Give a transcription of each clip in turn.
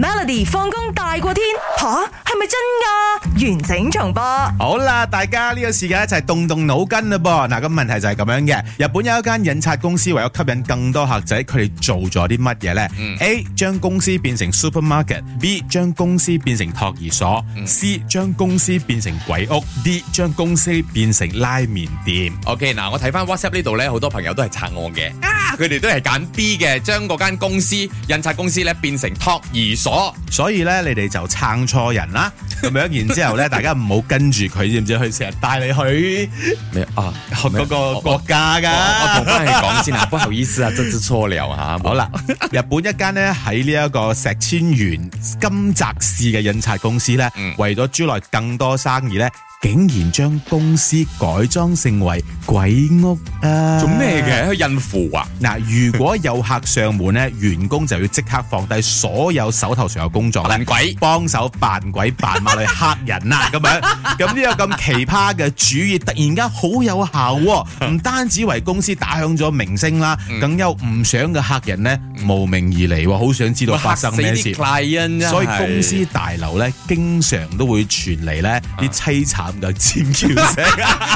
Melody 放工大過天吓，係咪真㗎？完整重播好啦，大家呢個時間一齊動動腦筋啦噃。嗱，個問題就係咁樣嘅，日本有一間印刷公司，為咗吸引更多客仔，佢哋做咗啲乜嘢呢？A 將公司變成 supermarket，B 將公司變成托兒所，C 將公司變成鬼屋，D 將公司變成拉麵店。OK，嗱，我睇翻 WhatsApp 呢度呢，好多朋友都係撐我嘅，佢哋都係揀 B 嘅，將嗰間公司印刷公司呢變成托兒所。Oh, 所以咧，你哋就撐錯人啦，咁樣 然之後咧，大家唔好跟住佢，知唔知？佢成日帶你去咩 啊？嗰個國家噶、啊，我同翻你講先啦， 不，不好意思啊，執錯料嚇。好啦了， 日本一間咧喺呢一個石川縣金澤市嘅印刷公司咧，嗯、為咗招來更多生意咧。竟然將公司改裝成為鬼屋啊！做咩嘅？印符啊！嗱，如果有客上門咧，員工就要即刻放低所有手頭上嘅工作咧，扮鬼幫手扮鬼扮馬嚟嚇人啊！咁樣，咁呢個咁奇葩嘅主意，突然間好有效，啊，唔單止為公司打響咗名聲啦，更有唔想嘅客人咧慕名而嚟，好想知道發生咩事。嚇死啲客人真係。所以公司大樓咧，經常都會傳嚟咧啲淒慘咁就尖叫聲，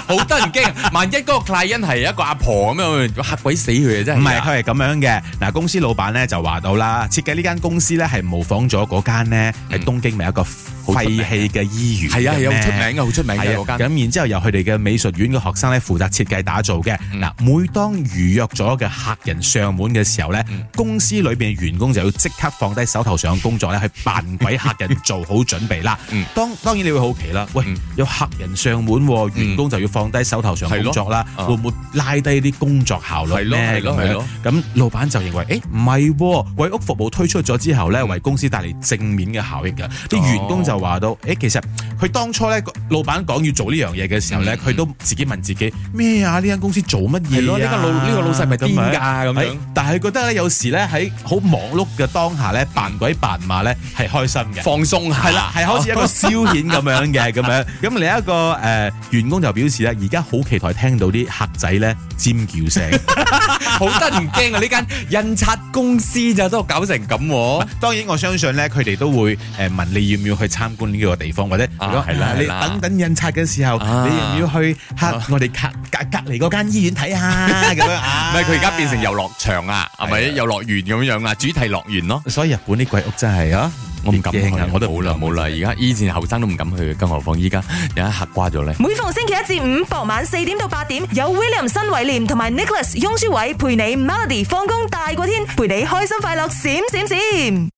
好得人驚。萬一嗰個 client 係一個阿婆咁樣，嚇鬼死佢啊！真係唔係，佢係咁樣嘅。嗱、嗯，公司老闆咧就話到啦，設計呢間公司咧係模仿咗嗰間咧喺東京咪一個。Music 廢棄嘅醫院係啊，係啊，好出名嘅，好出名嘅。咁然之後由佢哋嘅美術院嘅學生咧負責設計打造嘅。嗱，每當預約咗嘅客人上門嘅時候咧，公司裏邊嘅員工就要即刻放低手頭上嘅工作咧，去扮鬼客人做好準備啦。當當然你會好奇啦，喂，有客人上門，員工就要放低手頭上工作啦，會唔會拉低啲工作效率咧？係咯，係咯，咁老闆就認為，誒唔係，鬼屋服務推出咗之後咧，為公司帶嚟正面嘅效益嘅，啲員工就。就話都，誒，其實佢當初咧，老闆講要做呢樣嘢嘅時候咧，佢、嗯嗯、都自己問自己咩啊？呢間公司做乜嘢？係咯，呢、這個老呢、這個老細咪癲噶咁樣、嗯。但係覺得咧，有時咧喺好忙碌嘅當下咧，扮鬼扮馬咧係開心嘅，放鬆下係啦，係好似一個消遣咁樣嘅咁、哦、樣。咁另一個誒，員工就表示咧，而家好期待聽到啲客仔咧尖叫聲。 好得唔驚啊！呢間 印刷公司就都搞成咁、啊。當然我相信咧，佢哋都會誒問你要唔要去參觀呢個地方，或者如果係啦，你等等印刷嘅時候，啊、你要唔要去嚇、啊、我哋隔隔隔離嗰間醫院睇下咁樣、啊。唔係佢而家變成遊樂場啊？係咪的遊樂園咁樣啊？主題樂園咯。所以日本啲鬼屋真係啊～我唔敢去，我都冇啦冇啦。而家了了以前後生都唔敢去，更何況依家有一刻瓜咗咧。每逢星期一至五傍晚四點到八點，有 William 新偉廉同埋 Nicholas 翁舒偉陪你 Melody 放工大過天，陪你開心快樂閃閃閃。閃閃閃。